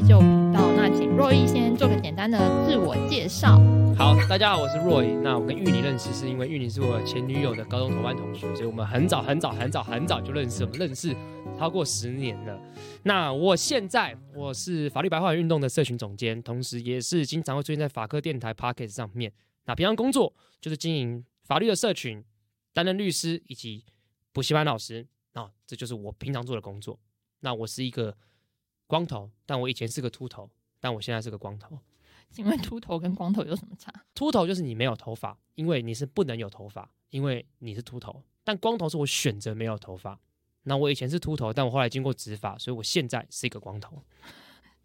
就頻道，那請 Roy 先做個簡單的自我介紹。好，大家好，我是 Roy。那我跟 Yummy 認識是因為 Yummy 是我前女友的高中同班同學，所以我們很早很早很早很早就認識，我們認識超過十年了。那我現在我是法律白話文運動的社群總監，同時也是經常會出現在法客電台 Podcast 上面。那平常工作就是經營法律的社群，擔任律師以及補習班老師。那這就是我平常做的工作。那我是一個。光頭，但我以前是個禿頭，但我現在是個光頭。請問禿頭跟光頭有什麼差？禿頭就是你沒有頭髮，因為你是不能有頭髮，因為你是禿頭。但光頭是我選擇沒有頭髮。那我以前是禿頭，但我後來經過植髮，所以我現在是一個光頭。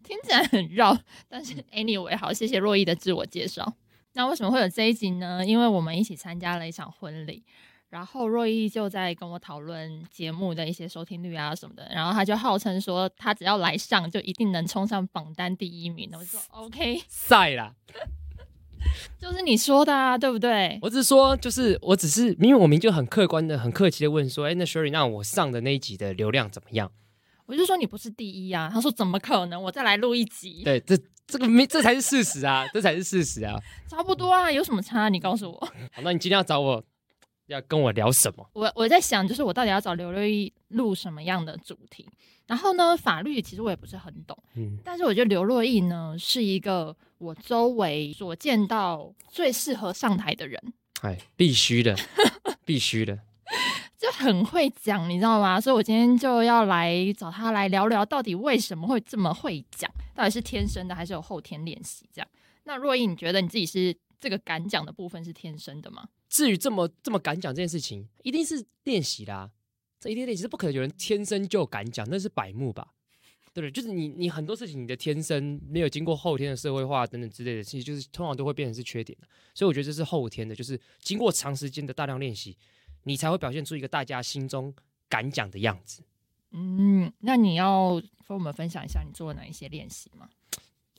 聽起來很繞，但是 anyway 好，嗯。謝謝珞亦的自我介紹。那為什麼會有這一集呢？因為我們一起參加了一場婚禮。然後 Roy 就在跟我討論節目的一些收聽率啊什麼的，然後他就號稱說他只要來上就一定能衝上榜單第一名。我就說 OK，曬啦。 就是你說的啊，對不對？我是說，就是我只是因為我明就很客觀的、很客氣的問說：“哎、欸，那 Sherry，那我上的那一集的流量怎麼樣？”我就說：“你不是第一啊。”他說：“怎麼可能？我再來錄一集。”對，這這個沒，這才是事實啊， 這才是事實啊，差不多啊，有什麼差、啊？你告訴我。好，那你今天要找我？要跟我聊什麼？我我在想，就是我到底要找劉珞亦錄什麼樣的主題？然後呢，法律其實我也不是很懂，嗯，但是我覺得劉珞亦呢是一個我周圍所見到最適合上台的人。哎，必須的， 必須的，就很會講，你知道嗎？所以我今天就要來找他來聊聊，到底為什麼會這麼會講？到底是天生的，還是有後天練習這樣？那珞亦，你覺得你自己是這個敢講的部分是天生的嗎？至於這麼這麼敢講這件事情，一定是練習啦、啊。這一定練習是不可能有人天生就敢講，那是百慕吧？對不對？就是你你很多事情你的天生沒有經過後天的社會化等等之類的事情，其實就是通常都會變成是缺點。所以我覺得這是後天的，就是經過長時間的大量練習，你才會表現出一個大家心中敢講的樣子。嗯，那你要和我們分享一下你做哪一些練習嗎？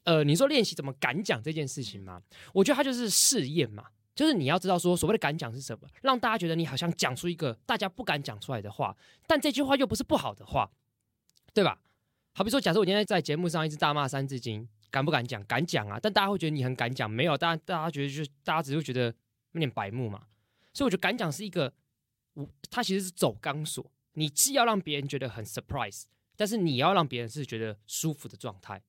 呃，你說練習怎麼敢講這件事情嗎？我覺得它就是試驗嘛。就是你要知道，說所謂的敢講是什麼，讓大家覺得你好像講出一個大家不敢講出來的話，但這句話又不是不好的話，對吧？好比說，假設我現在在節目上一直大罵《三字經》，敢不敢講？敢講啊！但大家會覺得你很敢講，沒有，大家大家覺得就大家只會覺得有點白目嘛。所以我覺得敢講是一個，我他其實是走鋼索，你既要讓別人覺得很 surprise，但是你要讓別人是覺得舒服的狀態，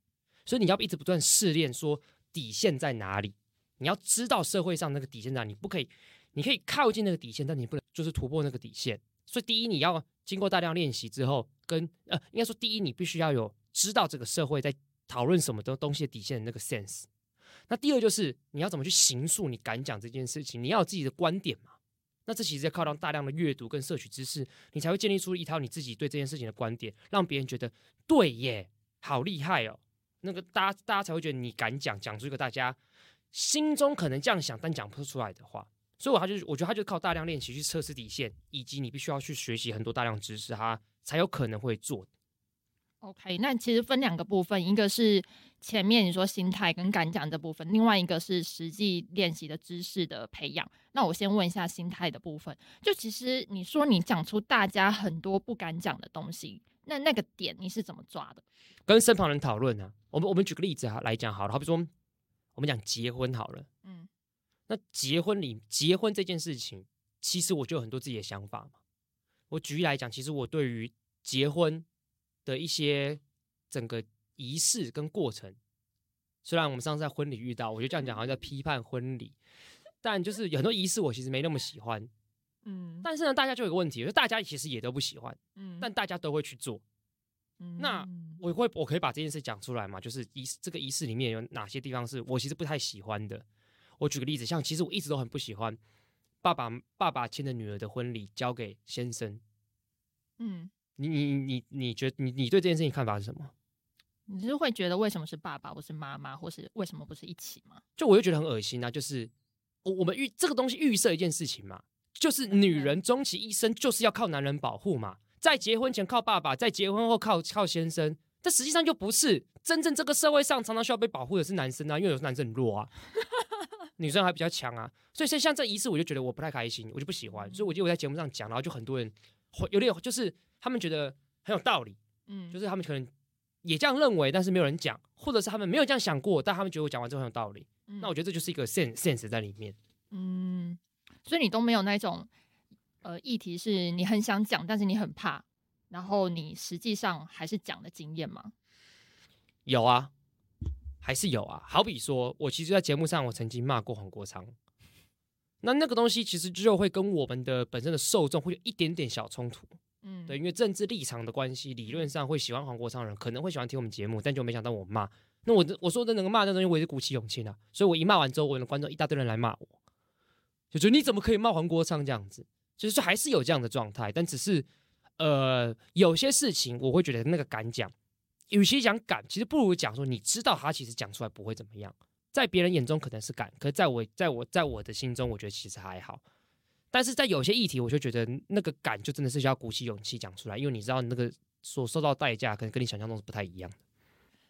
所以你要一直不斷試煉，說底線在哪裡。你要知道社會上那個底線在哪裡，你不可以，你可以靠近那個底線，但你不能就是突破那個底線。所以第一，你要經過大量練習之後，跟呃，應該說第一，你必須要有知道這個社會在討論什麼的、東西的底線的那個 sense。那第二就是你要怎麼去形塑，你敢講這件事情，你要有自己的觀點嘛？那這其實要靠到大量的閱讀跟攝取知識，你才會建立出一套你自己對這件事情的觀點，讓別人覺得對耶，好厲害哦！那個大家大家才會覺得你敢講，講出一個大家。心中可能這樣想，但講不出來的話，所以我他就我覺得他就靠大量練習去測試底線，以及你必須要去學習很多大量知識，他才有可能會做。OK，那其實分兩個部分，一個是前面你說心態跟敢講這部分，另外一個是實際練習的知識的培養。那我先問一下心態的部分，就其實你說你講出大家很多不敢講的東西，那那個點你是怎麼抓的？跟身旁人討論啊，我們我們舉個例子來講好了，好比說。我們講結婚好了，嗯，那結婚裡結婚這件事情，其實我就有很多自己的想法。我舉例來講，其實我對於結婚的一些整個儀式跟過程，雖然我們上次在婚禮遇到，我覺得這樣講好像在批判婚禮，但就是有很多儀式我其實沒那麼喜歡，嗯，但是呢，大家就有個問題，就大家其實也都不喜歡，嗯，但大家都會去做。那我會，我可以把這件事講出來嗎？就是儀這個儀式裡面有哪些地方是我其實不太喜歡的。我舉個例子，像其實我一直都很不喜歡爸爸爸爸牽著女兒的婚禮交給先生。嗯，你你你你覺得你你對這件事情看法是什麼？你是會覺得為什麼是爸爸不是媽媽，或是為什麼不是一起嗎？就我又覺得很噁心啊！就是我我們預這個東西預設一件事情嘛，就是女人終其一生就是要靠男人保護嘛。在結婚前靠爸爸，在結婚後靠靠先生，但實際上就不是真正，這個社會上常常需要被保護的是男生啊，因為有時候男生很弱啊， 女生還比較強啊，所以像像這儀式我就覺得我不太開心，我就不喜歡，所以我就我在節目上講，然後就很多人會有點就是他們覺得很有道理，嗯，就是他們可能也這樣認為，但是沒有人講，或者是他們沒有這樣想過，但他們覺得我講完之後很有道理，嗯、那我覺得這就是一個 sense sense 在裡面，嗯，所以你都沒有那種。呃，議題是你很想講，但是你很怕，然後你實際上還是講的經驗嗎？有啊，還是有啊。好比說我其實，在節目上我曾經罵過黃國昌，那那個東西其實就會跟我們的本身的受眾會有一點點小衝突。嗯，對，因為政治立場的關係，理論上會喜歡黃國昌的人可能會喜歡聽我們節目，但就沒想到我罵。那我我說的那個罵那東西，我也是鼓起勇氣的啊。所以我一罵完之後，我的觀眾一大堆人來罵我，就覺得你怎麼可以罵黃國昌這樣子？就是說還是有這樣的狀態，但只是，呃，有些事情我會覺得那個敢講，與其講敢，其實不如講說你知道他其實講出來不會怎麼樣，在別人眼中可能是敢，可是在我在我在我的心中，我覺得其實還好。但是在有些議題，我就覺得那個敢就真的是需要鼓起勇氣講出來，因為你知道那個所受到的代價，可能跟你想象中是不太一樣的。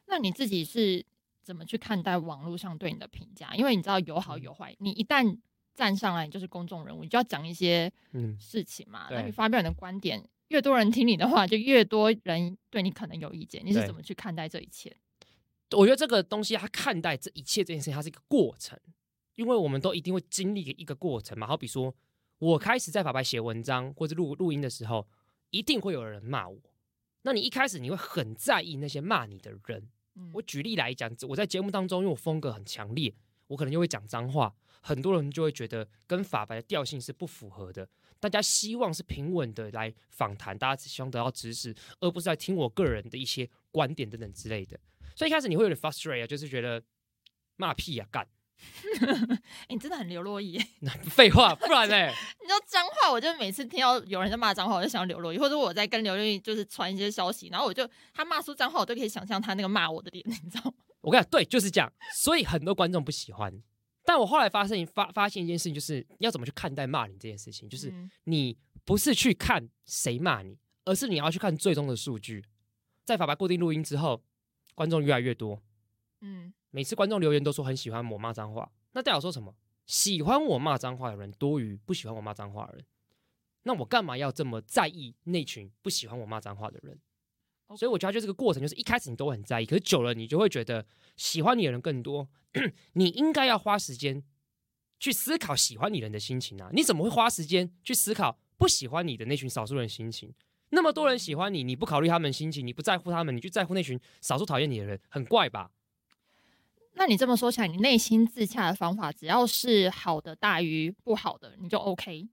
那你自己是怎麼去看待網絡上對你的評價？因為你知道有好有壞，你一旦。站上來，你就是公眾人物，你就要講一些事情嘛。嗯、那你發表你的觀點，越多人聽你的話，就越多人對你可能有意見。對你是怎麼去看待這一切？我覺得這個東西，他看待這一切這件事情，它是一個過程，因為我們都一定會經歷一個過程嘛。好比說，我開始在法白寫文章或者錄錄音的時候，一定會有人罵我。那你一開始你會很在意那些罵你的人。嗯、我舉例來講，我在節目當中，因為我風格很強烈。我可能就會講髒話，很多人就會覺得跟法白的調性是不符合的。大家希望是平穩的來訪談，大家希望得到知識，而不是在聽我個人的一些觀點等等之類的。所以一開始你會有點 frustrated，啊、就是覺得罵屁呀，啊、幹。 你真的很劉珞亦。那廢 話，不然呢。欸，你知道髒話，我就每次聽到有人在罵髒話，我就想劉珞亦。或者我在跟劉珞亦就是傳一些消息，然後我就他罵出髒話，我都可以想象他那個罵我的點，你知道嗎？我跟你講對，就是這樣。所以很多觀眾不喜歡，但我後來發現發發現一件事情，就是要怎麼去看待罵你這件事情，就是你不是去看誰罵你，而是你要去看最終的數據。在法白固定錄音之後，觀眾越來越多，嗯，每次觀眾留言都說很喜歡我罵髒話。那代表說什麼？喜歡我罵髒話的人多於不喜歡我罵髒話的人。那我幹嘛要這麼在意那群不喜歡我罵髒話的人？所以我覺得就這個過程，就是一開始你都很在意，可是久了你就會覺得喜歡你的人更多。你應該要花時間去思考喜歡你人的心情啊！你怎麼會花時間去思考不喜歡你的那群少數人心情？那麼多人喜歡你，你不考慮他們心情，你不在乎他們，你就在乎那群少數討厭你的人，很怪吧？那你這麼說起來，你內心自洽的方法，只要是好的大於不好的，你就 OK。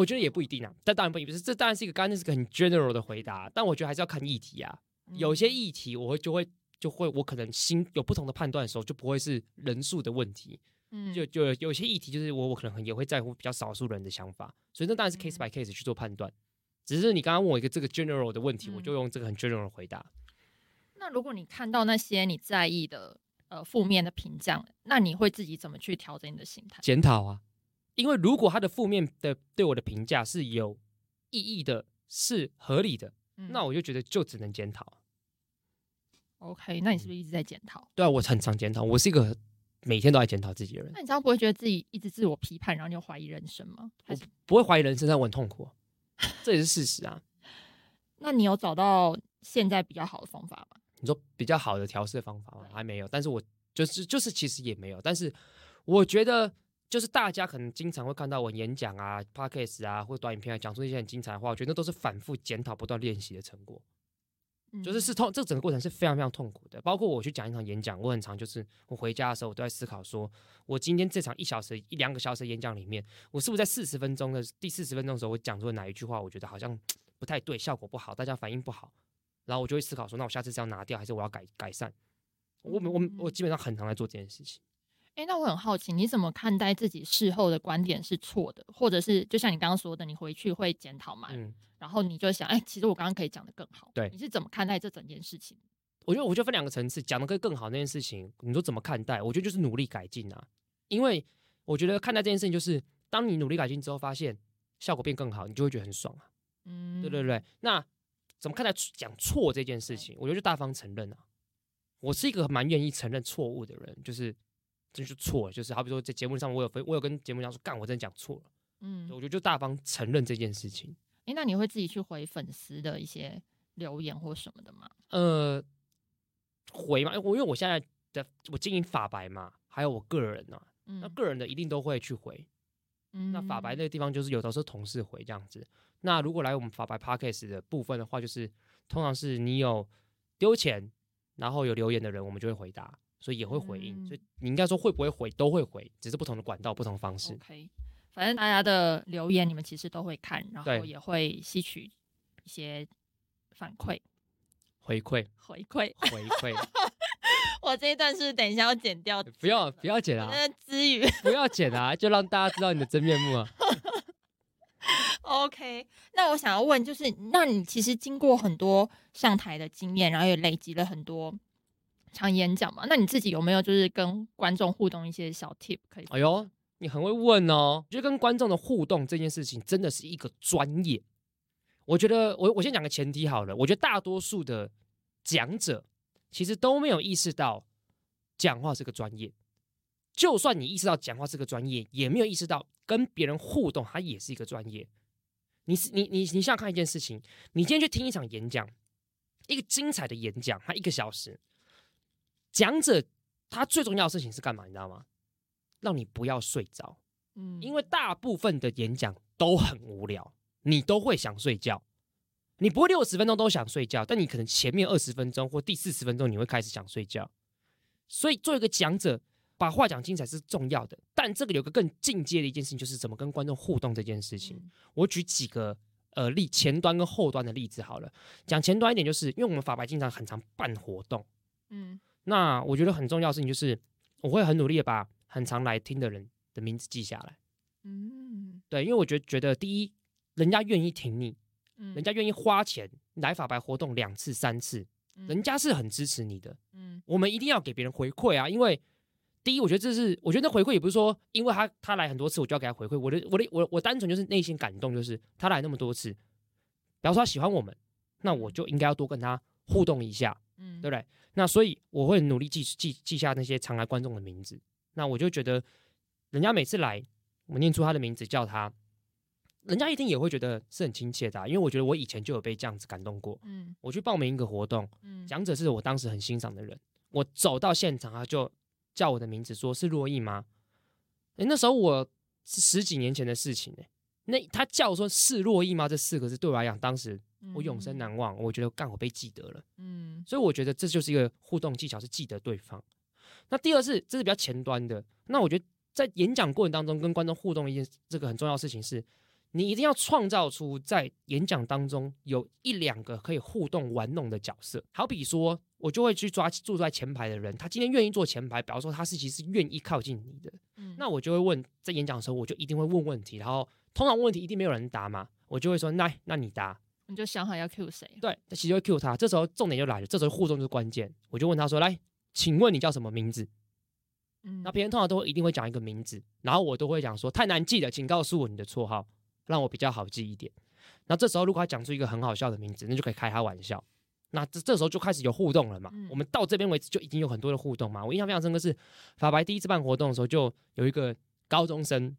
我覺得也不一定啊，但當然不一定是，這當然是一個剛剛那是一個很 general 的回答。但我覺得還是要看議題啊，有些議題我會就會就會，我可能心有不同的判斷的時候，就不會是人數的問題。嗯，就就有，有一些議題就是我我可能也會在乎比較少數人的想法，所以這當然是 case by case 去做判斷。嗯、只是你剛剛問我一個這個 general 的問題，嗯、我就用這個很 general 的回答。那如果你看到那些你在意的呃負面的評價，那你會自己怎麼去調整你的心態？檢討啊。因為如果他的負面的對我的評價是有意義的，是合理的。嗯、那我就覺得就只能檢討。OK，那你是不是一直在檢討，嗯？對啊，我很常檢討，我是一個每天都在檢討自己的人。嗯、那你這樣不會覺得自己一直自我批判，然後就懷疑人生嗎？還是我不會懷疑人生，但我很痛苦，啊， 這也是事實啊。那你有找到現在比較好的方法嗎？你說比較好的調試方法嗎？還沒有，但是我就是就是其實也沒有，但是我覺得。就是大家可能經常會看到我演講啊、p a r c a s t 啊或者短影片、啊，講出一些很精彩的話。我覺得那都是反覆檢討、不斷練習的成果。就是是痛，這整個過程是非常非常痛苦的。包括我去講一場演講，我很常就是我回家的時候，我都在思考說：說我今天這場一小時、一兩個小時演講裡面，我是不是在四十分鐘的第四十分鐘的時候，我講出了哪一句話，我覺得好像不太對，效果不好，大家反應不好。然後我就會思考說：那我下次是要拿掉，還是我要改改善？我我我基本上很常在做這件事情。哎、欸，那我很好奇，你怎麼看待自己事後的觀點是錯的，或者是就像你剛剛說的，你回去會檢討嘛？嗯，然後你就想，哎、欸，其實我剛剛可以講得更好。對，你是怎麼看待這整件事情？我覺得，我就分兩個層次，講得更好的那件事情，你說怎麼看待？我覺得就是努力改進啊，因為我覺得看待這件事情就是，當你努力改進之後，發現效果變更好，你就會覺得很爽啊。嗯，對對對。那怎麼看待講錯這件事情？對我覺得就大方承認啊。我是一個蠻願意承認錯誤的人，就是。真是錯就是好比說在節目上，我有分，我有跟節目講說，幹，我真的講錯了，嗯，我覺得就大方承認這件事情。哎，那你會自己去回粉絲的一些留言或什麼的嗎？呃，回嘛，因為我現在的我經營法白嘛，還有我個人呢，嗯、那個人的一定都會去回。嗯哼，那法白那個地方就是有時候是同事回這樣子。那如果來我們法白 Podcast 的部分的話，就是通常是你有丟錢，然後有留言的人，我們就會回答。所以也會回應，嗯、所以你應該說會不會回都會回，只是不同的管道，不同的方式。OK，反正大家的留言你們其實都會看，然後也會吸取一些反饋、回饋、回饋、回饋。我這一段是等一下要剪掉剪，不要不要剪啊！那不要剪啊，就讓大家知道你的真面目啊。 OK，那我想要問就是，那你其實經過很多上台的經驗，然後也累積了很多，常演講嘛？那你自己有沒有就是跟觀眾互動一些小 tip 可以？哎呦，你很會問哦！就跟觀眾的互動這件事情真的是一個專業。我覺得我我先講個前提好了。我覺得大多數的講者其實都沒有意識到講話是個專業。就算你意識到講話是個專業，也沒有意識到跟別人互動，它也是一個專業。你是你你你想看一件事情。你今天去聽一場演講，一個精彩的演講，它一個小時。講者他最重要的事情是幹嘛？你知道嗎？讓你不要睡着，嗯，因為大部分的演講都很無聊，你都會想睡覺。你不會六十分鐘都想睡覺，但你可能前面二十分鐘或第四十分鐘你會開始想睡覺。所以，做一個講者，把話講精彩是重要的。但這個有個更進階的一件事情，就是怎麼跟觀眾互動這件事情。嗯，我舉幾個呃例，前端跟後端的例子好了。講前端一點，就是因為我們法白經常很常辦活動，嗯。那我覺得很重要的事情就是，我會很努力的把很常來聽的人的名字記下來。嗯，對，因為我覺得覺得第一，人家願意聽你，人家願意花錢來法白活動兩次三次，人家是很支持你的。嗯，我們一定要給別人回饋啊，因為第一，我覺得這是我覺得那回饋也不是說因為他他來很多次，我就要給他回饋。我的我的我我單純就是內心感動，就是他來那麼多次，比方說他喜歡我們，那我就應該要多跟他互動一下。嗯，對不對？那所以我會努力記記記下那些常來觀眾的名字。那我就覺得，人家每次來，我念出他的名字叫他，人家一聽也會覺得是很親切的。啊，因為我覺得我以前就有被這樣子感動過。嗯，我去報名一個活動，嗯、講者是我當時很欣賞的人。我走到現場，他就叫我的名字，說是珞亦嗎？誒，那時候我是十幾年前的事情呢，欸，那他叫我說是珞亦嗎？這四個字對我來講，當時。我永生難忘，我覺得剛好被記得了，嗯，所以我覺得這就是一個互動技巧，是記得對方。那第二是，這是比較前端的。那我覺得在演講過程當中，跟觀眾互動一件這個很重要的事情是，你一定要創造出在演講當中有一兩個可以互動玩弄的角色。好比說，我就會去抓住在前排的人，他今天願意坐前排，比方說他是其實願意靠近你的，嗯，那我就會問，在演講的時候，我就一定會問問題，然後通常問題一定沒有人答嘛，我就會說，那那你答。你就想好要 Q 誰？對，那其實會 Q 他。這時候重點就來了，這時候互動就是關鍵。我就問他說：“來，請問你叫什麼名字？”嗯、那別人通常都會一定會講一個名字，然後我都會講說：“太難記了。請告訴我你的綽號，讓我比較好記一點。”那這時候如果他講出一個很好笑的名字，那就可以開他玩笑。那這這時候就開始有互動了嘛？嗯、我們到這邊為止就已經有很多的互動嘛。我印象非常深刻是，法白第一次辦活動的時候，就有一個高中生，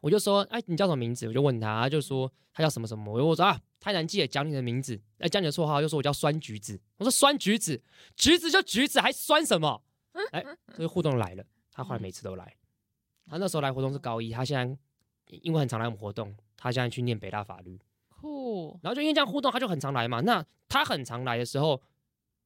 我就說：“哎，你叫什麼名字？”我就問他，他就說他叫什麼什麼。我說啊。太難記得講你的名字，哎，講你的綽號，又說我叫酸橘子，我說酸橘子，橘子就橘子，還酸什麼？哎，這個互動來了，他後來每次都來，他那時候來活動是高一，他現在因為很常來我們活動，他現在去念北大法律，酷，然後就因為這樣互動，他就很常來嘛。那他很常來的時候，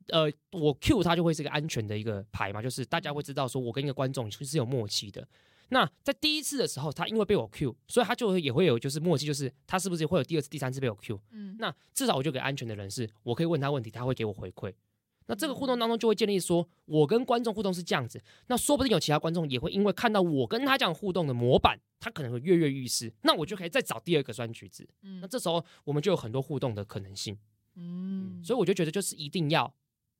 呃，我 Q 他就會是一個安全的一個牌嘛，就是大家會知道說我跟一個觀眾其實是有默契的。那在第一次的時候，他因為被我 cue，所以他就也會有就是默契，就是他是不是會有第二次、第三次被我 cue？嗯，那至少我就給安全的人士，我可以問他問題，他會給我回饋。那這個互動當中就會建立說，我跟觀眾互動是這樣子。那說不定有其他觀眾也會因為看到我跟他這樣互動的模板，他可能會躍躍欲試。那我就可以再找第二個酸橘子。嗯，那這時候我們就有很多互動的可能性。嗯，嗯，所以我就覺得就是一定要，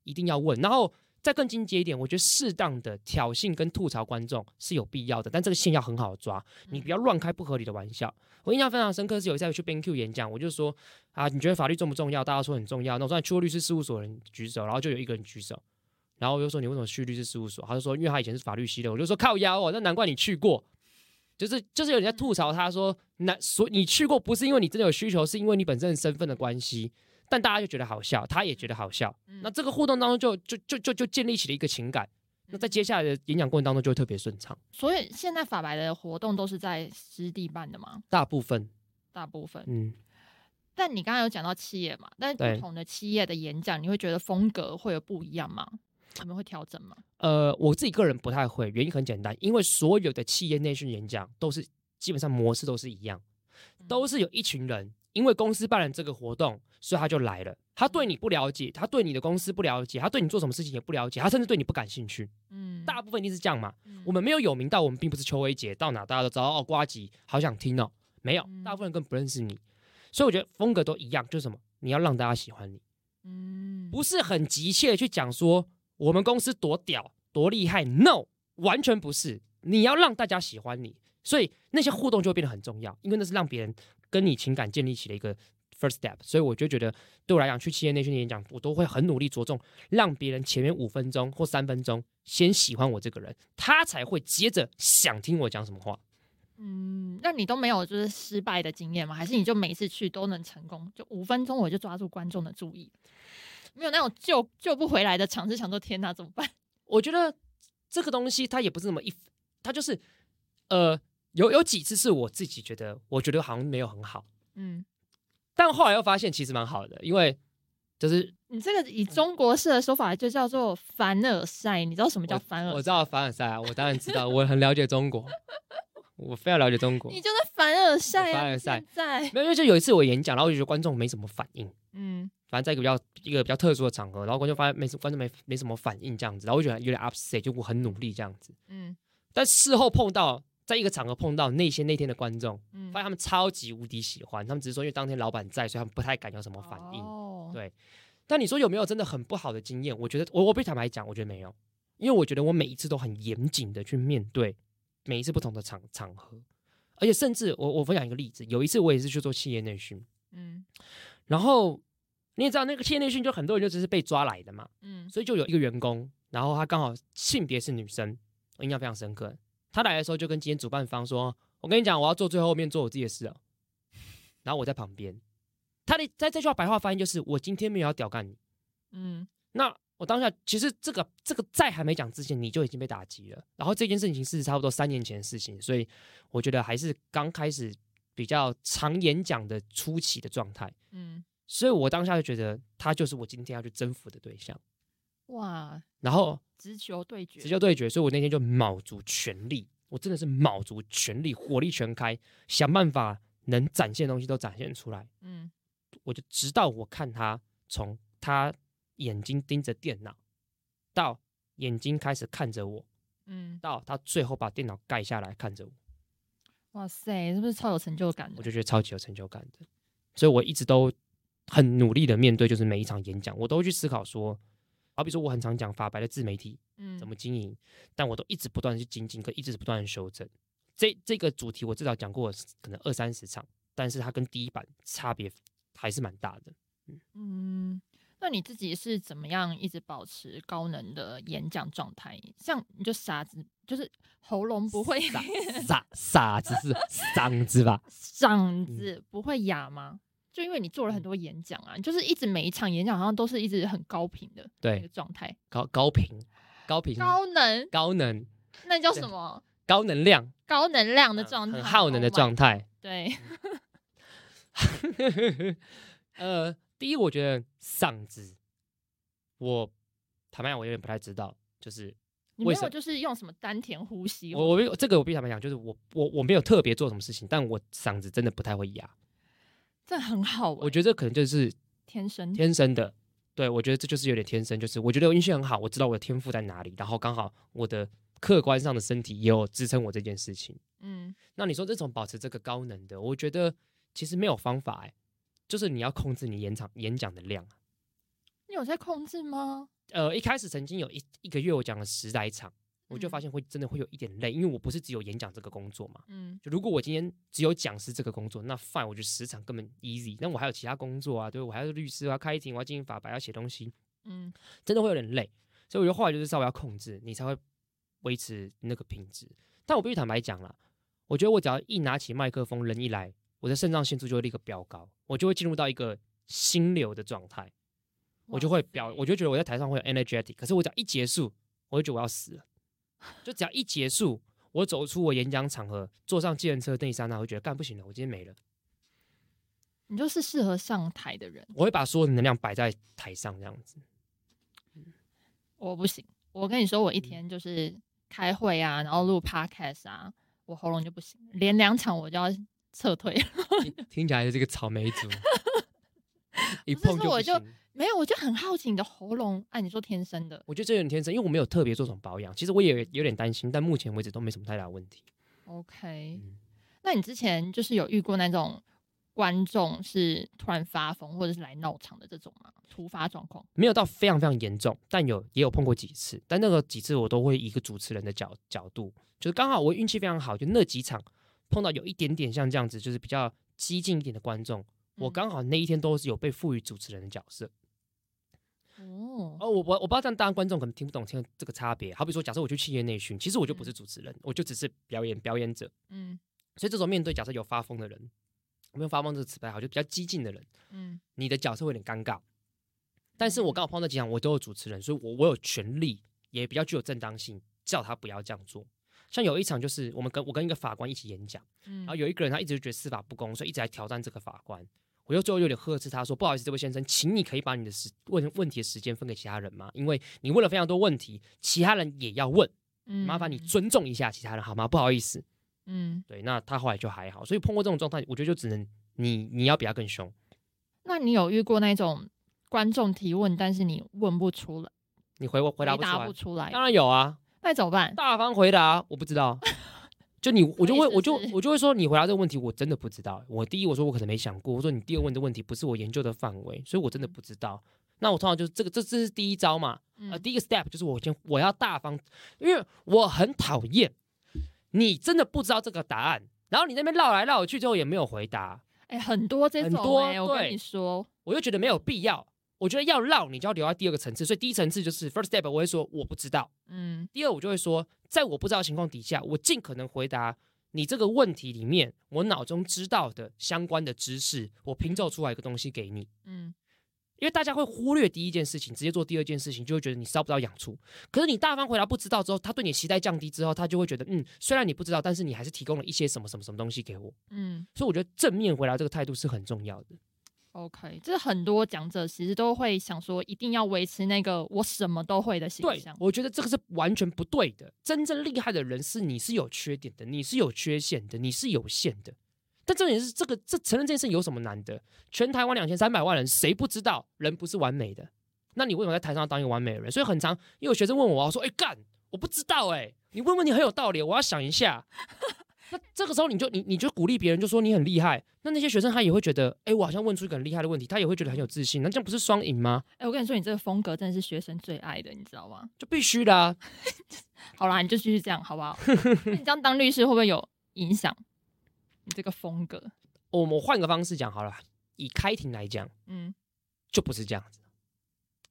一定要問，然後。再更進階一點，我覺得適當的挑釁跟吐槽觀眾是有必要的，但這個線要很好抓，你不要亂開不合理的玩笑。我印象非常深刻，是有一次去 BenQ 演講，我就說啊，你覺得法律重不重要？大家說很重要。那我說你去過律師事務所的人舉手，然後就有一個人舉手，然後我就說你為什麼去律師事務所？他就說因為他以前是法律系的。我就說靠腰哦，那難怪你去過。就是就是有人在吐槽他說，那所你去過不是因為你真的有需求，是因為你本身身份的關係。但大家就覺得好笑，他也覺得好笑。嗯、那這個互動當中就，就就就就就建立起了一個情感。嗯、那在接下來的演講過程當中，就會特別順暢。所以現在法白的活動都是在實地辦的嗎？大部分，大部分。嗯。但你剛剛有講到企業嘛，但不同的企業的演講，對你會覺得風格會有不一樣嗎？他們會調整嗎？呃，我自己個人不太會，原因很簡單，因為所有的企業內訓演講都是基本上模式都是一樣，都是有一群人。因為公司辦了這個活動，所以他就來了。他對你不了解，他對你的公司不了解，他對你做什麼事情也不了解，他甚至對你不感興趣。嗯、大部分一定是這樣嘛。嗯、我們沒有有名到，我們並不是邱威傑，到哪大家都知道哦。呱吉，好想聽哦。沒有，大部分人根本不認識你，所以我覺得風格都一樣，就是什麼，你要讓大家喜歡你。嗯、不是很急切的去講說我們公司多屌多厲害。No，完全不是。你要讓大家喜歡你，所以那些互動就會變得很重要，因為那是讓別人。跟你情感建立起了一個 first step，所以我就覺得對我來講，去企業內訓演講，我都會很努力着重讓別人前面五分鐘或三分鐘先喜歡我這個人，他才會接着想聽我講什麼話。嗯，那你都沒有就是失敗的經驗嗎？還是你就每次去都能成功？就五分鐘我就抓住觀眾的注意，沒有那種救救不回來的場子想說，天哪，怎麼辦？我覺得這個東西它也不是那麼一，它就是呃。有有幾次是我自己覺得，我覺得好像沒有很好，嗯，但後來又發現其實蠻好的，因為就是你這個以中國式的說法就叫做凡爾賽，嗯、你知道什麼叫凡爾？我知道凡爾賽啊，我當然知道， 我很了解中國，我非常了解中國。 你就是凡爾賽，啊，凡爾賽，現在，沒有，因為就有一次我演講，然後我就覺得觀眾沒什麼反應，嗯，反正在一個比較一個比較特殊的場合，然後觀眾發現沒什麼觀眾沒沒什麼反應這樣子，然後我覺得有點 upset，就我很努力這樣子，嗯，但事後碰到。在一個場合碰到那些那天的觀眾，發現他們超級無敵喜歡，嗯、他們只是說因為當天老板在，所以他們不太敢有什麼反應。哦、對，但你說有沒有真的很不好的經驗？我覺得我我被坦白講，我覺得沒有，因為我覺得我每一次都很嚴謹的去面對每一次不同的場場合，而且甚至我我分享一個例子，有一次我也是去做企業內訓，嗯，然後你也知道那個企業內訓就很多人就只是被抓來的嘛，嗯，所以就有一個員工，然後他剛好性別是女生，我印象非常深刻。他來的時候就跟今天主辦方說：“我跟你講，我要做最後面做我自己的事哦。”然後我在旁邊，他的在這句話白話翻譯就是：“我今天沒有要屌干你。”嗯，那我當下其實這個這個在還沒講之前你就已經被打擊了。然後這件事情是差不多三年前的事情，所以我覺得還是剛開始比較常演講的初期的狀態。嗯，所以我當下就覺得他就是我今天要去征服的對象。哇，然後直球對決，直球對決，所以我那天就卯足全力，我真的是卯足全力，火力全開，想辦法能展現的東西都展現出來。嗯，我就直到我看他從他眼睛盯着電腦，到眼睛開始看着我，嗯，到他最後把電腦蓋下來看着我。哇塞，是不是超有成就感的？我就覺得超級有成就感的，所以我一直都很努力的面對，就是每一場演講，我都會去思考說。好比說，我很常講法白的自媒體，怎麼經營？嗯、但我都一直不斷的去精進，可一直不斷的修正。這這個主題我至少講過可能二三十場，但是它跟第一版差別還是蠻大的。嗯，嗯，那你自己是怎麼樣一直保持高能的演講狀態？像你就傻子，就是喉嚨不會啞？傻傻子是 嗓子吧？嗓子不會啞嗎？嗯就因為你做了很多演講啊，就是一直每一場演講好像都是一直很高頻的對一個狀態，高高頻高頻高能高能，那叫什麼高能量，高能量的狀態耗能的狀態對。呃，第一，我覺得嗓子，我坦白講，我有點不太知道，就是你沒有就是用什麼丹田呼吸？我我這個我必須坦白講，就是我我我沒有特別做什麼事情，但我嗓子真的不太會啞。真的很好，欸，我覺得這可能就是天生天生的。對，我覺得這就是有點天生，就是我覺得我運氣很好，我知道我的天賦在哪裡，然後剛好我的客觀上的身體也有支撐我這件事情。嗯，那你說這種保持這個高能的，我覺得其實沒有方法，欸，就是你要控制你演場演講的量。你有在控制嗎？呃，一開始曾經有一一個月，我講了十來場。我就發現會真的會有一點累，因為我不是只有演講這個工作嘛。嗯,就如果我今天只有講師這個工作，那 fine，我覺得時常根本 easy。那我還有其他工作啊，對，我還有律師，我要開庭，我要進行法白，要寫東西。嗯，真的會有點累，所以我覺得後來就是稍微要控制，你才會維持那個品質。但我必須坦白講了，我覺得我只要一拿起麥克風，人一來，我的腎上腺素就會立刻飆高，我就會進入到一個心流的狀態，哇我就會飆，我就覺得我在台上會有 energetic。可是我只要一結束，我就覺得我要死了。就只要一結束，我走出我演講場合，坐上計程車那一剎那，會覺得幹不行了，我今天沒了。你就是適合上台的人。我會把所有的能量擺在台上，這樣子。我不行，我跟你說，我一天就是開會啊，嗯、然後錄 podcast 啊，我喉嚨就不行，連兩場我就要撤退了。聽，聽起來是這個草莓族。 一碰就不不是我就沒有，我就很好奇你的喉嚨。哎、啊，你說天生的？我覺得這有點天生，因為我沒有特別做什麼保養。其實我也有點擔心，但目前為止都沒什麼太大的問題。OK，嗯、那你之前就是有遇過那種觀眾是突然發瘋或者是來鬧場的這種嗎？突發狀況沒有到非常非常嚴重，但有也有碰過幾次。但那個幾次我都會以一個主持人的角角度，就是剛好我運氣非常好，就那幾場碰到有一點點像這樣子，就是比較激進一點的觀眾。我剛好那一天都是有被賦予主持人的角色。哦，哦我我我不知道，但當然觀眾可能聽不懂聽這個差別。好比說，假設我去企業內訓，其實我就不是主持人，嗯、我就只是表演表演者。嗯。所以這時候面對，假設有發瘋的人，我沒有“發瘋”這個詞牌好，就比較激進的人。嗯。你的角色會有點尷尬，但是我剛好碰到幾場，我都有主持人，所以我我有權利，也比較具有正當性，叫他不要這樣做。像有一場就是我們跟我跟一個法官一起演講，嗯、然後有一個人他一直覺得司法不公，所以一直來挑戰這個法官。我就最後有點呵斥他說：“不好意思，這位先生，請你可以把你的問問題的時間分給其他人嗎？因為你問了非常多問題，其他人也要問，麻煩你尊重一下其他人好嗎？不好意思，嗯，對，那他後來就還好。所以碰過這種狀態，我覺得就只能你你要比他更凶。那你有遇過那種觀眾提問，但是你問不出來，你回、回答不出來？回答不出來。當然有啊，那怎麼辦？大方回答，我不知道。” 就你，我就會，我就我就會說，你回答這個問題，我真的不知道。我第一，我說我可能沒想過。我說你第二問的問題不是我研究的範圍，所以我真的不知道。那我通常就是這個，這這是第一招嘛？啊，第一個 step 就是我先我要大方，因為我很討厭你真的不知道這個答案，然後你那邊繞來繞去之後也沒有回答。哎，很多這種，我跟你說，我就覺得沒有必要。我覺得要繞，你就要留在第二個層次。所以第一層次就是 first step，我會說我不知道。嗯，第二我就會說，在我不知道的情況底下，我盡可能回答你這個問題裡面我腦中知道的相關的知識，我拼湊出來一個東西給你。嗯，因為大家會忽略第一件事情，直接做第二件事情，就會覺得你燒不到養出。可是你大方回答不知道之後，他對你期待降低之後，他就會覺得嗯，雖然你不知道，但是你還是提供了一些什麼什麼什麼東西給我。嗯，所以我覺得正面回答這個態度是很重要的。OK，這是很多講者其實都會想說，一定要維持那個我什麼都會的形象。對，我覺得這個是完全不對的。真正厲害的人是你是有缺點的，你是有缺陷的，你是有限的。但重點是，這個這承認這件事有什麼難的？全台灣兩千三百萬人誰不知道人不是完美的？那你為什麼在台上要當一個完美的人？所以很常，因為有學生問我，我說，哎、欸、幹，我不知道哎、欸，你問問你很有道理，我要想一下。 那這個時候你就你你就鼓勵別人，就說你很厲害。那那些學生他也會覺得，哎、欸，我好像問出一個很厲害的問題，他也會覺得很有自信。那這樣不是雙贏嗎？哎、欸，我跟你說，你這個風格真的是學生最愛的，你知道嗎？就必須的、啊。 好啦，你就繼續這樣，好不好？ 那你這樣當律師會不會有影響？你這個風格，哦、我們換個方式講好了。以開庭來講，嗯，就不是這樣子。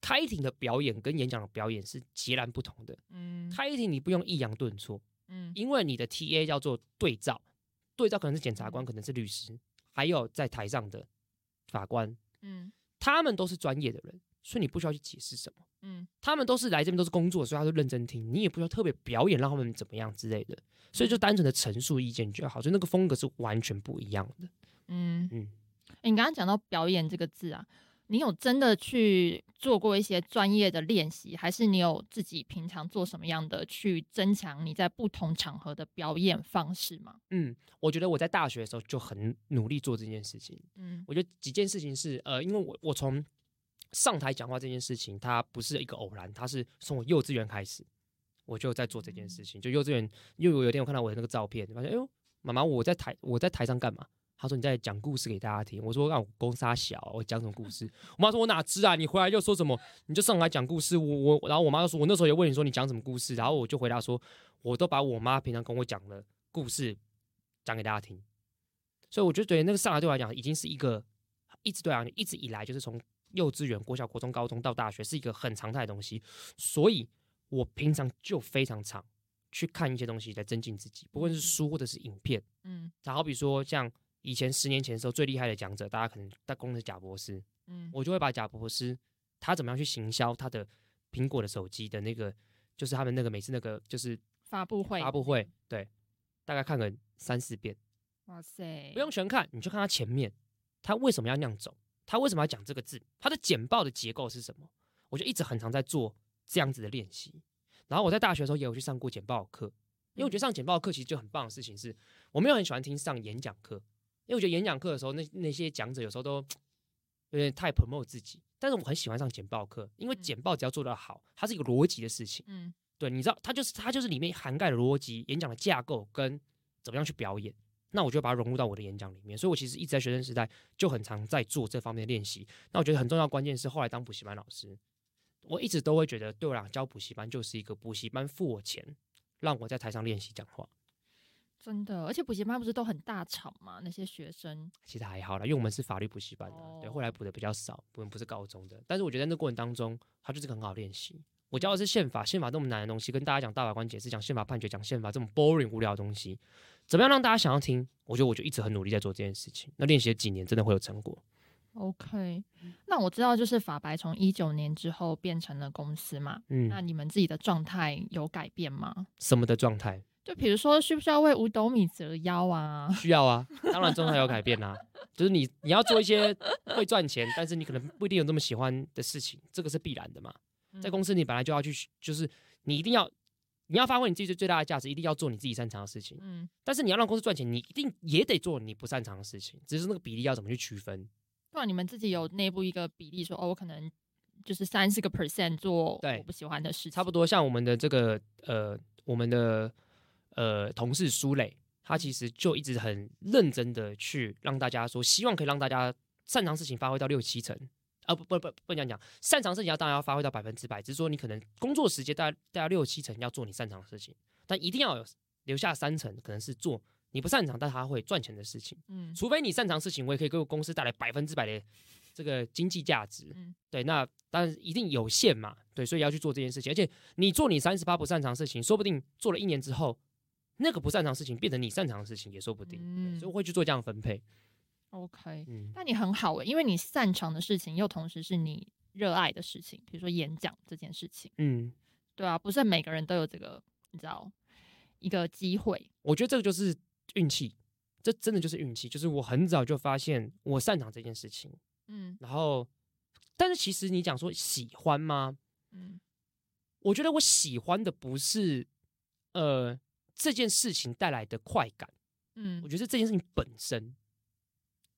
開庭的表演跟演講的表演是截然不同的。嗯，開庭你不用抑揚頓挫。嗯，因為你的 TA 叫做對照，對照可能是檢察官，嗯、可能是律師，還有在台上的法官，嗯，他們都是專業的人，所以你不需要去解釋什麼，嗯，他們都是來這邊都是工作，所以他就認真聽，你也不需要特別表演讓他們怎麼樣之類的，所以就單純的陳述意見就好，所以那個風格是完全不一樣的，嗯嗯、欸，你剛剛講到表演這個字啊。你有真的去做過一些專業的練習，還是你有自己平常做什麼樣的去增強你在不同場合的表演方式嗎？嗯，我覺得我在大學的時候就很努力做這件事情。嗯，我覺得幾件事情是，呃，因為我我從上台講話這件事情，它不是一個偶然，它是從我幼稚園開始我就在做這件事情。嗯，就幼稚園，因為我有一天我看到我的那個照片，就發現哎呦，媽媽，我在台我在台上幹嘛？他說：“你在講故事給大家聽。”我說：“讓我公殺小，我講什麼故事？”我媽說：“我哪知道啊？你回來又說什麼？你就上來講故事。我”我我，然後我媽就說：“我那時候也問你說你講什麼故事。”然後我就回答說：“我都把我媽平常跟我講的故事講給大家聽。”所以我就覺得對那個上來對我來講已經是一個一直對啊，一直以來就是從幼稚園、國小、國中、高中到大學是一個很常態的東西。所以我平常就非常常去看一些東西在增進自己，不管是書或者是影片，嗯，它好比說像。以前十年前的時候，最厲害的講者，大家可能在公司是賈博士，嗯，我就會把賈博士他怎麼樣去行銷他的蘋果的手機的那個，就是他們那個每次那個就是發布會，發布會，對，對，大概看了三四遍，哇塞，不用全看，你就看他前面，他為什麼要那樣走，他為什麼要講這個字，他的簡報的結構是什麼，我就一直很常在做這樣子的練習。然後我在大學的時候也有去上過簡報課，因為我覺得上簡報課其實就很棒的事情是，是、嗯、我沒有很喜歡聽上演講課。因為我覺得演講課的時候，那那些講者有時候都有點太 promote 自己，但是我很喜歡上簡報課，因為簡報只要做得好，它是一個邏輯的事情。嗯，對，你知道，它就是它就是裡面涵蓋的邏輯、演講的架構跟怎麼樣去表演。那我就把它融入到我的演講裡面。所以我其實一直在學生時代就很常在做這方面的練習。那我覺得很重要，關鍵是後來當補習班老師，我一直都會覺得，對我來講，教補習班就是一個補習班付我錢，讓我在台上練習講話。真的，而且補習班不是都很大吵嗎？那些學生其實還好啦，因為我們是法律補習班，啊，對，對，後來補的比較少，我們不是高中的。但是我覺得在那過程當中，它就是很好練習。嗯、我教的是憲法，憲法那麼難的東西，跟大家講大法官解釋，講憲法判決，講憲法這麼 boring 無聊的東西，怎麼樣讓大家想要聽？我覺得我就一直很努力在做這件事情。那練習了幾年，真的會有成果。OK，那我知道就是法白從一九年之後變成了公司嘛，嗯，那你們自己的狀態有改變嗎？什麼的狀態？就比如說，需不需要為五斗米折腰啊？需要啊，當然狀態有改變啦、啊。 就是你，你要做一些會賺錢，但是你可能不一定有這麼喜歡的事情，這個是必然的嘛？嗯、在公司，你本來就要去，就是你一定要，你要發揮你自己最最大的價值，一定要做你自己擅長的事情。嗯，但是你要讓公司賺錢，你一定也得做你不擅長的事情，只是那個比例要怎麼去區分？不管你們自己有內部一個比例說，說哦，我可能就是三十個 percent 做我不喜歡的事情，差不多。像我們的這個，呃，我們的。呃，同事蘇磊，他其實就一直很認真的去讓大家說，希望可以讓大家擅長事情發揮到六七成，啊不不不不這樣講，擅長事情要當然要發揮到百分之百，只是說你可能工作時間大概大到六七成要做你擅長的事情，但一定要有留下三成，可能是做你不擅長但他會賺錢的事情，嗯，除非你擅長事情，我也可以給我公司帶來百分之百的這個經濟價值，嗯，對，那當然一定有限嘛，對，所以要去做這件事情，而且你做你三十八不擅長事情，說不定做了一年之後。那個不擅長的事情變成你擅長的事情也說不定，嗯，所以我會去做這樣分配。OK，嗯，但你很好欸，因為你擅長的事情又同時是你熱愛的事情，比如說演講這件事情。嗯，對啊，不是每個人都有這個，你知道，一個機會。我覺得這個就是運氣，這真的就是運氣。就是我很早就發現我擅長這件事情。嗯，然後，但是其實你講說喜歡嗎？嗯，我覺得我喜歡的不是，呃。這件事情帶來的快感，嗯，我覺得是這件事情本身，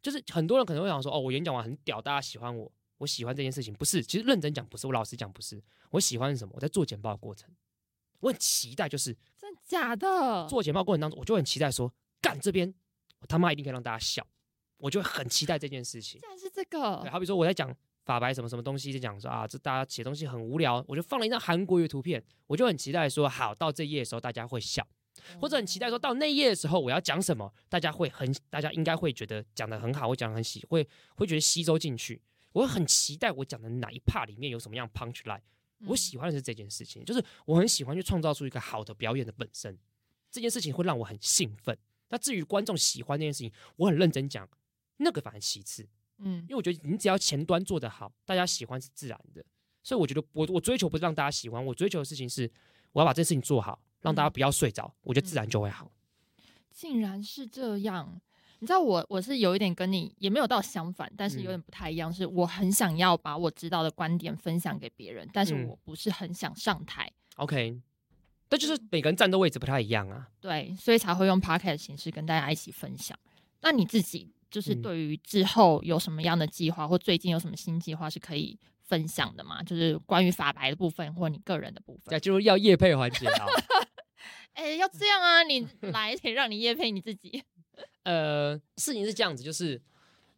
就是很多人可能會想說，哦，我演講完很屌，大家喜歡我，我喜歡這件事情，不是，其實認真講不是，我老實講不是，我喜歡是什麼？我在做簡報的過程，我很期待，就是真的假的？做簡報過程當中，我就很期待說，幹這邊，我他媽一定可以讓大家笑，我就很期待這件事情。竟然是這個？對，好比說我在講法白什麼什麼東西，就講說啊，這大家寫東西很無聊，我就放了一張韓國瑜圖片，我就很期待說，好，到這一頁的時候大家會笑。或者很期待，說到那一頁的時候，我要講什麼？大家會很，大家應該會覺得講得很好，我講的很喜，會會覺得吸收進去。我會很期待我講的哪一 part 裡面有什麼樣 punch line。嗯，我喜歡的是這件事情，就是我很喜歡去創造出一個好的表演的本身。這件事情會讓我很興奮。那至於觀眾喜歡這件事情，我很認真講，那個反而其次。嗯，因為我覺得你只要前端做得好，大家喜歡是自然的。所以我覺得我我追求不是讓大家喜歡，我追求的事情是我要把這件事情做好，讓大家不要睡着，我覺得自然就會好，嗯。竟然是這樣，你知道我我是有一點跟你也沒有到相反，但是有點不太一樣，嗯，是我很想要把我知道的觀點分享給別人，嗯，但是我不是很想上台。OK，嗯，但就是每個人站的位置不太一樣啊。對，所以才會用 Podcast 形式跟大家一起分享。那你自己就是對於之後有什麼樣的計劃，嗯，或最近有什麼新計劃是可以分享的嗎？就是關於法白的部分，或你個人的部分。就是要業配環節啊。 哎、欸，要這樣啊！你來得讓你業配你自己。 呃，事情是這樣子，就是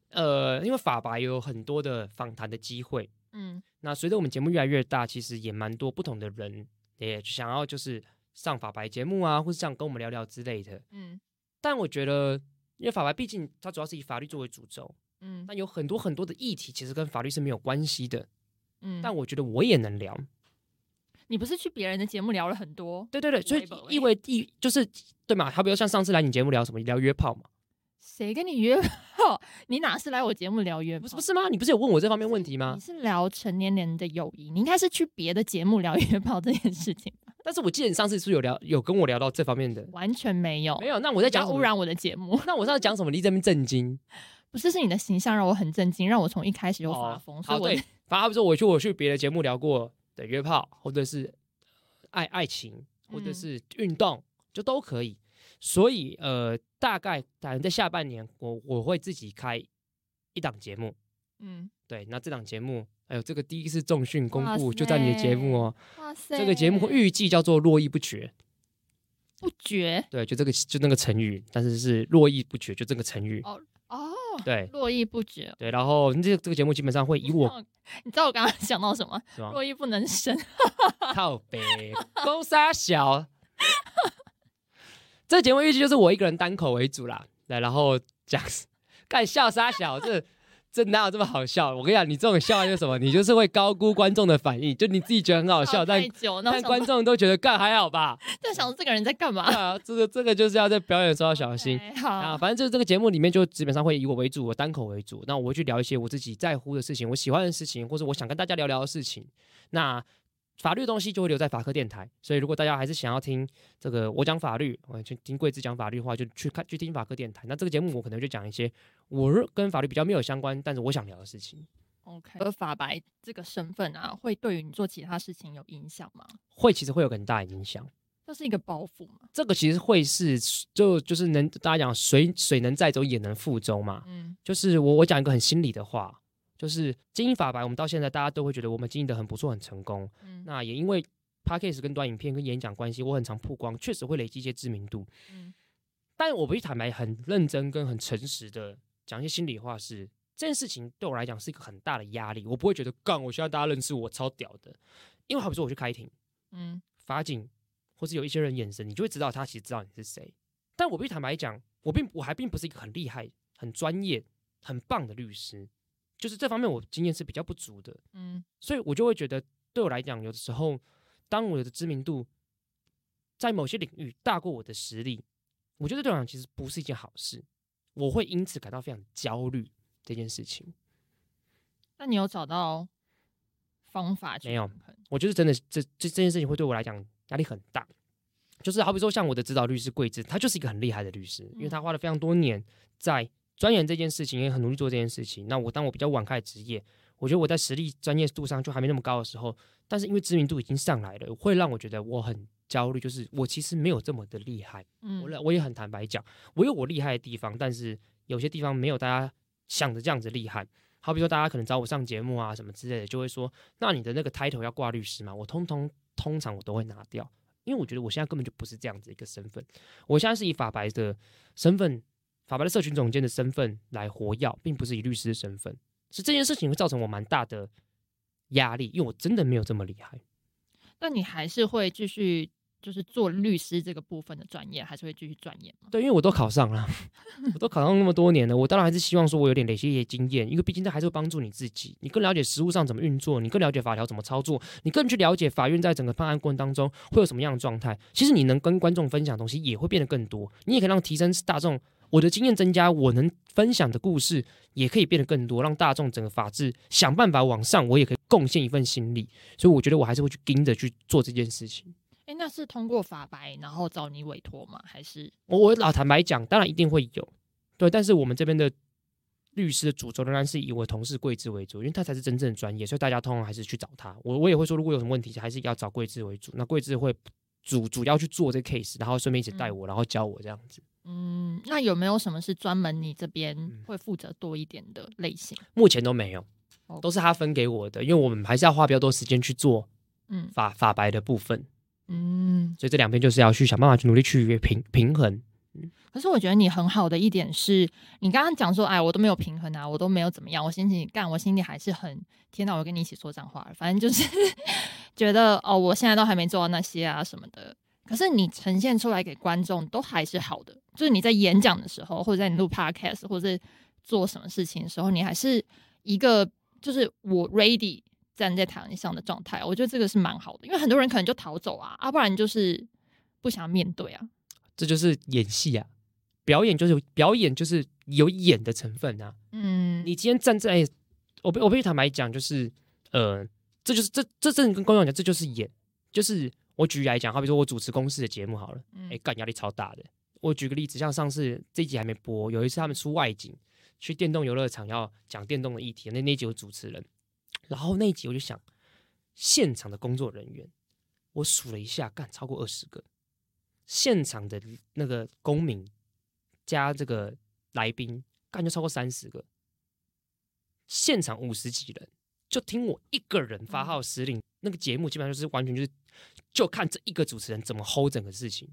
呃，因為法白有很多的訪談的機會，嗯，那隨着我們節目越來越大，其實也蠻多不同的人也想要就是上法白節目啊，或是想跟我們聊聊之類的，嗯。但我覺得，因為法白畢竟它主要是以法律作為主軸，嗯，但有很多很多的議題其實跟法律是沒有關係的，嗯。但我覺得我也能聊。你不是去別人的節目聊了很多？對對對，所以意味意就是對嘛，他比如像上次來你節目聊什麼？聊約炮嘛？誰跟你約炮？你哪是來我節目聊約炮？不是，不是嗎？你不是有問我這方面問題嗎？你是聊成年人的友誼。你應該是去別的節目聊約炮這件事情吧？但是我記得你上次是有聊，有跟我聊到這方面的，完全沒有，沒有。那我在講污染我的節目。那我剛才講什麼？你這邊震驚？不是，是你的形象讓我很震驚，讓我從一開始就發瘋。好，對，反而不是我去，我去別的節目聊過。對約炮，或者是愛愛情，或者是運動，嗯、就都可以。所以呃，大概可能在下半年，我我會自己開一檔節目。嗯，對，那這檔節目還有、哎、這個第一次重訊公布，塞就在你的節目哦。哇塞！這個節目預計叫做“珞亦不絕”，不絕對，就這個就那個成語，但是是珞亦不絕，就這個成語、哦對，珞亦不絕。對，然後這個、這個節目基本上會以我你，你知道我剛剛想到什麼？是嗎珞亦不能生， 靠北，公沙小。 這節目預計就是我一個人單口為主啦，來，然後講幹笑沙小這。 這哪有這麼好笑？我跟你講，你這種笑話是什麼？你就是會高估觀眾的反應， 就你自己覺得很好笑，但但觀眾都覺得幹還好吧？就想說這個人在幹嘛？啊，這個這個就是要在表演的時候要小心。Okay, 好啊，反正就是這個節目裡面就基本上會以我為主，我單口為主。那我會去聊一些我自己在乎的事情，我喜歡的事情，或者我想跟大家聊聊的事情。那。法律的東西就會留在法客電台，所以如果大家還是想要聽這個我講法律，我、嗯、就聽桂子講法律的話，就去看去聽法客電台。那這個節目我可能就講一些我跟法律比較沒有相關，但是我想聊的事情。OK。而法白這個身份啊，會對於你做其他事情有影響嗎？會，其實會有很大的影響。這是一個包袱嗎？這個其實會是就就是能大家講水水能載舟也能覆舟嘛。嗯，就是我我講一個很心理的話。就是經營法白，我們到現在大家都會覺得我們經營的很不錯，很成功。嗯，那也因為 Podcast 跟短影片跟演講關係，我很常曝光，確實會累積一些知名度。嗯，但我必須坦白，很認真跟很誠實的講一些心裡話，是這件事情對我來講是一個很大的壓力。我不會覺得槓，我希望大家認識我超屌的。因為好比說我去開庭，嗯，法警或是有一些人眼神，你就會知道他其實知道你是誰。但我必須坦白講，我並我還並不是一個很厲害、很專業、很棒的律師。就是這方面我經驗是比較不足的，嗯，所以我就會覺得對我來講，有的時候，當我的知名度在某些領域大過我的實力，我覺得對我來講其實不是一件好事，我會因此感到非常焦慮這件事情。那你有找到方法，沒有？我覺得真的這這這件事情會對我來講壓力很大，就是好比說像我的指導律師桂志，他就是一個很厲害的律師，因為他花了非常多年在鑽研這件事情，也很努力做這件事情。那我當我比較晚開始職業，我覺得我在實力專業度上就還沒那麼高的時候，但是因為知名度已經上來了，會讓我覺得我很焦慮，就是我其實沒有這麼的厲害。嗯、我我也很坦白講，我有我厲害的地方，但是有些地方沒有大家想的這樣子厲害。好比說大家可能找我上節目啊什麼之類的，就會說那你的那個 title 要掛律師嗎？我通通通常我都會拿掉，因為我覺得我現在根本就不是這樣子一個身份。我現在是以法白的身份。法白的社群總監的身份來活躍，並不是以律師的身份，是這件事情會造成我蠻大的壓力，因為我真的沒有這麼厲害。那你還是會繼續，就是做律師這個部分的專業，還是會繼續鑽研嗎？對，因為我都考上了， 我都考上那麼多年了，我當然還是希望說我有點累積一些經驗，因為畢竟這還是會幫助你自己，你更了解實務上怎麼運作，你更了解法條怎麼操作，你更去了解法院在整個判案過程當中會有什麼樣的狀態。其實你能跟觀眾分享的東西也會變得更多，你也可以讓提升大眾。我的經驗增加，我能分享的故事也可以變得更多，讓大眾整個法治想辦法往上，我也可以貢獻一份心力。所以我覺得我還是會去盯着去做這件事情。哎、欸，那是通過法白然後找你委托嗎？還是我我老坦白講，當然一定會有。對，但是我們這邊的律師的主軸仍然是以我的同事桂枝為主，因為他才是真正的專業，所以大家通常還是去找他。我我也會說，如果有什麼問題，還是要找桂枝為主。那桂枝會主主要去做這個 case，然後順便一起帶我，嗯、然後教我這樣子。嗯，那有沒有什麼是專門你這邊會負責多一點的類型？目前都沒有，Okay. 都是他分給我的，因為我們還是要花比較多時間去做，嗯，法法白的部分，嗯，所以這兩邊就是要去想辦法去努力去平平衡。嗯，可是我覺得你很好的一點是你剛剛講說，哎，我都沒有平衡啊，我都沒有怎麼樣，我心裡幹，我心裡還是很，天吶，我跟你一起說髒話、啊，反正就是 覺得哦，我現在都還沒做到那些啊什麼的。可是你呈現出來給觀眾都還是好的。就是你在演講的時候，或者在你錄 Podcast 或者是做什麼事情的時候，你還是一個就是我 ready 站在台上的狀態。我覺得這個是蠻好的，因為很多人可能就逃走啊，要、啊、不然就是不想要面對啊。這就是演戲啊，表演就是表演就是有演的成分啊。嗯，你今天站在、欸、我被我必須坦白講，就是呃，這就是這這正跟觀眾講，這就是演。就是我舉例來講，好比說我主持公司的節目好了，哎、欸，幹壓力超大的。我舉個例子，像上次這一集還沒播，有一次他們出外景去電動遊樂場，要講電動的議題。那那集有主持人，然後那一集我就想，現場的工作人員，我數了一下，干超過二十個；現場的那個公民加這個來賓，干就超過三十個。現場五十幾人，就聽我一個人發號施令。那個節目基本上就是完全就是，就看這一個主持人怎麼 hold 整個事情。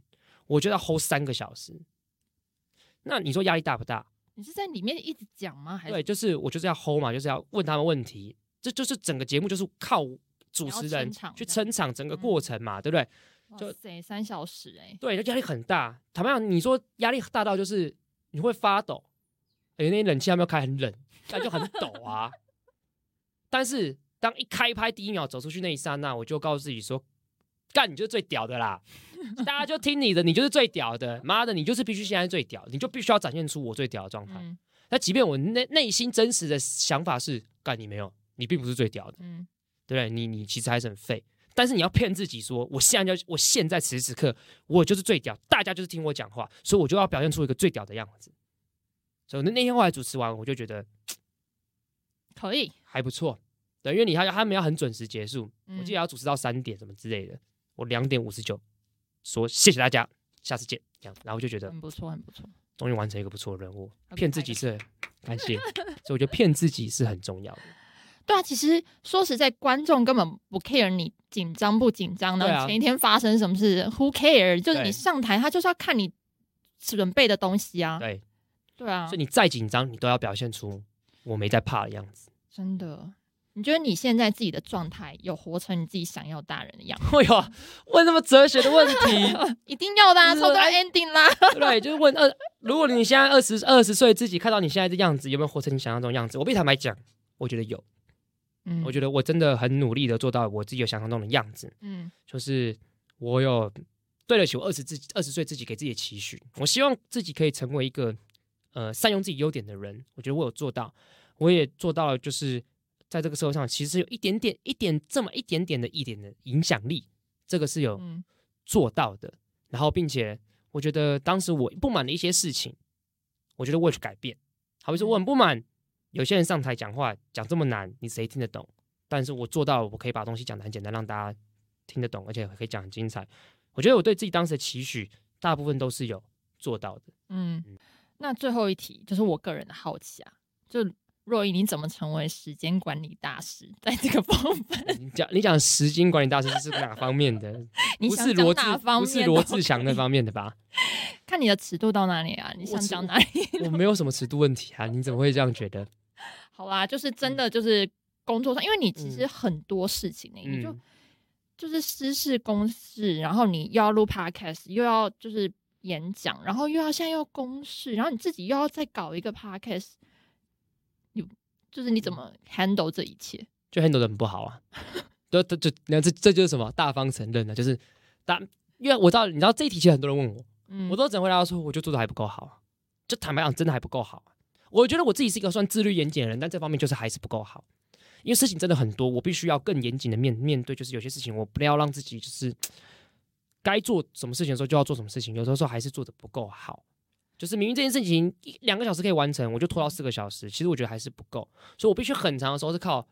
我覺得 hold 三個小時，那你說壓力大不大？你是在裡面一直講嗎？還是？對，就是我就是要 hold 嘛，就是要問他們問題，這就是整個節目就是靠主持人去撐場，整個過程嘛，嗯、對不對？就三小時哎、欸，對，就壓力很大。坦白講，你說壓力大到就是你會發抖，誒那些冷氣還沒有開，很冷，那就很抖啊。 但是當一開拍第一秒走出去那一剎那，我就告訴自己說。幹，你就是最屌的啦！大家就聽你的，你就是最屌的。媽的，你就是必須現在最屌，你就必須要展現出我最屌的狀態。那即便我內內心真實的想法是幹，你沒有，你並不是最屌的，嗯，對不對？你你其實還是很廢，但是你要騙自己說，我現在就我現在此時此刻我就是最屌，大家就是聽我講話，所以我就要表現出一個最屌的樣子。所以那天後來主持完，我就覺得可以還不錯，對，因為你還他，他們要很準時結束，我記得要主持到三點什麼之類的。我兩點五十九說謝謝大家，下次見。這樣，然後我就覺得很不錯，很不錯，終於完成一個不錯的任務。騙 Okay, 自己是，感謝。 所以我覺得騙自己是很重要的。對啊，其實說實在，觀眾根本不 care 你緊張不緊張，然後前一天發生什麼事、啊、，Who care？就是你上台，對他就是要看你準備的東西啊。對，對啊，所以你再緊張，你都要表現出我沒在怕的樣子。真的。你覺得你現在自己的狀態，有活成你自己想要大人的樣子？會有 問那麼哲學的問題？ 一定要的、啊，說到 ending 啦。 對，就是問二，如果你現在二十二十歲，自己看到你現在的樣子，有沒有活成你想像中的樣子？我必須坦白講，我覺得有。嗯、我覺得我真的很努力的做到我自己有想象中的樣子。嗯，就是我有對得起我二十自己二十歲自己給自己的期許。我希望自己可以成為一個呃善用自己優點的人。我覺得我有做到，我也做到了，就是。在這個社會上，其實有一點點、一點這麼一點點的一點的影響力，這個是有做到的。嗯、然後，並且我覺得當時我不滿的一些事情，我覺得我去改變。好比說，我很不滿有些人上台講話講這麼難，你誰聽得懂？但是我做到了，我可以把東西講得很簡單，讓大家聽得懂，而且可以講很精彩。我覺得我對自己當時的期許，大部分都是有做到的。嗯，嗯那最後一題就是我個人的好奇啊，就。若一，Roy, 你怎麼成為時間管理大師？在這個方面， 你講你講時間管理大師是哪方面的？ 你想方面，不是羅志，不是羅志祥那方面的吧？ 看你的尺度到哪裡啊？你想講哪裡？ 我沒有什麼尺度問題啊，你怎麼會這樣覺得？ 好啦、啊，就是真的，就是工作上，因為你其實很多事情、欸，嗯、你就就是私事公事，然後你又要錄 podcast，又要就是演講，然後又要現在要公事，然後你自己又要再搞一個 podcast。就是你怎麼 handle 這一切？就 handle 得很不好啊！都都 就你看，這這就是什麼？大方承認呢？就是大，因為我知道，你知道，這一題其實很多人問我，嗯，我都整回答說，我就做的還不夠好。就坦白講，真的還不夠好。我覺得我自己是一個算自律嚴謹的人，但這方面就是還是不夠好。因為事情真的很多，我必須要更嚴謹的面面對。就是有些事情，我不要讓自己就是該做什麼事情的時候就要做什麼事情。有的時候還是做的不夠好。就是明明這件事情一兩個小時可以完成，我就拖到四個小時。其實我覺得還是不夠，所以我必須很長的時候是靠，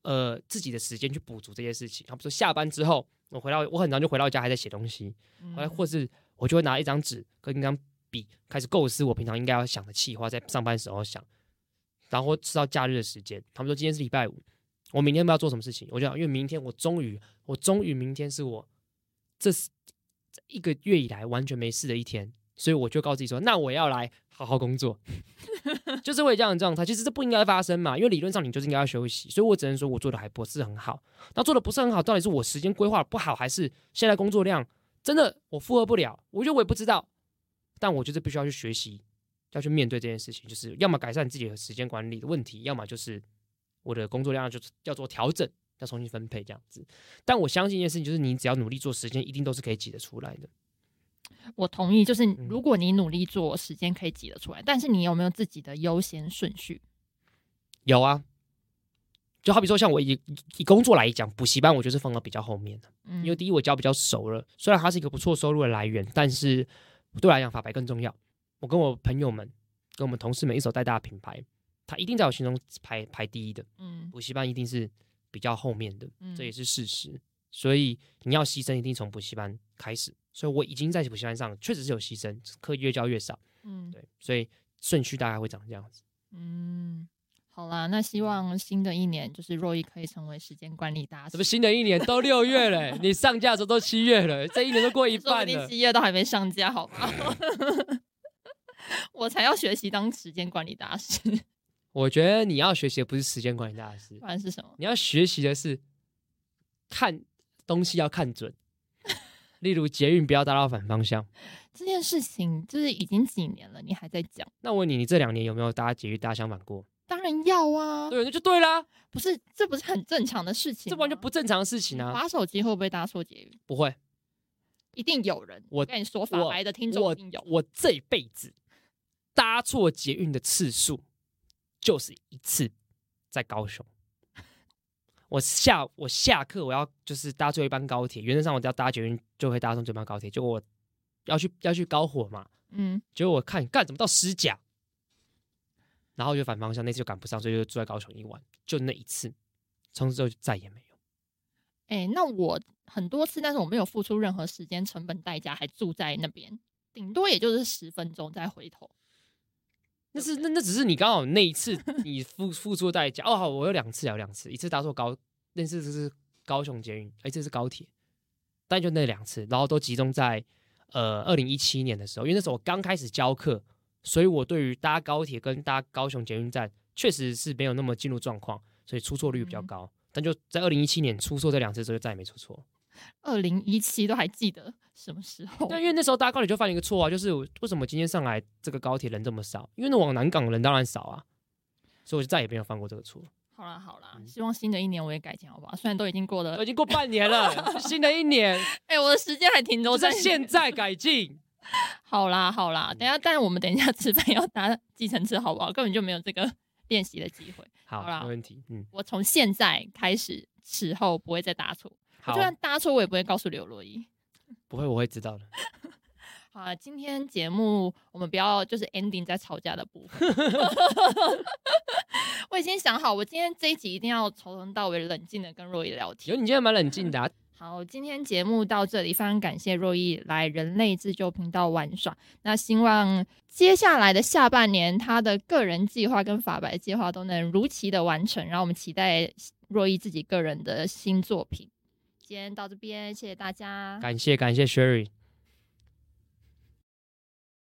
呃，自己的時間去補足這些事情。他們說下班之後，我回到，我很早就回到家，還在寫東西。後來、嗯、或者是我就會拿一張紙跟一張筆開始構思我平常應該要想的計劃，在上班時候想，然後吃到假日的時間。他們說今天是禮拜五，我明天不知道要做什麼事情。我就想，因為明天我終於，我終於明天是我這是一個月以來完全沒事的一天。所以我就告訴自己說，那我要來好好工作， 就是會這樣的狀態，其實這不應該發生嘛，因為理論上你就是應該要休息。所以我只能說，我做的還不是很好。那做的不是很好，到底是我時間規劃不好，還是現在工作量真的我負荷不了？我覺得我也不知道。但我就是必須要去學習，要去面對這件事情，就是要麼改善自己的時間管理的問題，要麼就是我的工作量就要做調整，要重新分配這樣子。但我相信一件事情，就是你只要努力做時間，一定都是可以擠得出來的。我同意，就是如果你努力做，嗯、時間可以擠得出來。但是你有沒有自己的優先順序？有啊，就好比說，像我以以工作來講，補習班我就是放到比較後面的。嗯，因為第一我教比較熟了，雖然它是一個不錯收入的來源，但是對我來講，法白更重要。我跟我朋友們、跟我們同事們一手帶大的品牌，他一定在我心中排排第一的。嗯，補習班一定是比較後面的，嗯、這也是事實。所以你要犧牲，一定從補習班開始。所以我已經在補習班上了，確實是有犧牲，課越教越少。嗯，對，所以順序大概會長這樣子。嗯，好啦，那希望新的一年就是 Roy 可以成為時間管理大師。什麼？新的一年都六月了， 你上架的時候都七月了，這一年都過一半了，你七月都還沒上架，好嗎？ 我才要學習當時間管理大師。我覺得你要學習的不是時間管理大師，不然是什麼？你要學習的是看東西要看準。例如捷運不要搭到反方向，這件事情就是已經幾年了，你還在講？那我問你，你這兩年有沒有搭捷運搭相反過？當然要啊！對，那就對啦。不是，這不是很正常的事情？這完全不正常的事情啊！滑手機會不會搭錯捷運？不會，一定有人。我你跟你說法白的我聽眾一定，我有，我這一輩子搭錯捷運的次數就是一次，在高雄。我下我下課，我要就是搭最後一班高鐵，原則上我只要搭捷運，就會搭上這班高鐵。結果我要去要去高火嘛，嗯，結果我看幹，怎麼到石甲，然後就反方向，那次就趕不上，所以就住在高雄一晚。就那一次，從此之後就再也沒有。哎、欸，那我很多次，但是我沒有付出任何時間成本代價，還住在那邊，頂多也就是十分鐘再回頭。那是那那只是你剛好那一次你付付出的代價哦。好，我有兩次，有兩次，一次搭錯高那次是高雄捷運哎、欸，這是高鐵，但就那兩次，然後都集中在呃二零一七年的時候，因為那時候我剛開始教課，所以我對於搭高鐵跟搭高雄捷運站確實是沒有那麼進入狀況，所以出錯率比較高。嗯、但就在二零一七年出錯這兩次之後就再也沒出錯。二零一七都還記得什麼時候？ 但因為那時候搭高鐵就犯了一個錯啊，就是為什麼今天上來這個高鐵人這麼少？因為那往南港人當然少啊，所以我就再也沒有犯過這個錯。好啦好啦，嗯、希望新的一年我也改進好不好？雖然都已經過了，已經過半年了， 新的一年，哎、 欸，我的時間還停留在現在改進。 好啦好啦，等一下，但是我們等一下吃飯要搭計程車好不好？根本就沒有這個練習的機會。好，好啦沒問題。嗯，我從現在開始之後不會再搭錯。就算搭錯，我也不會告訴劉珞亦。不會，我會知道的。 好，今天節目我們不要就是 ending 在吵架的部分。 我已經想好，我今天這一集一定要從頭到尾冷靜的跟珞亦聊天。有，你今天蠻冷靜的啊。 好，今天節目到這裡，非常感謝珞亦來人類自救頻道玩耍。那希望接下來的下半年，他的個人計劃跟法白計劃都能如期的完成。然後我們期待珞亦自己個人的新作品。先到這邊，謝謝大家，感謝感謝 Sherry。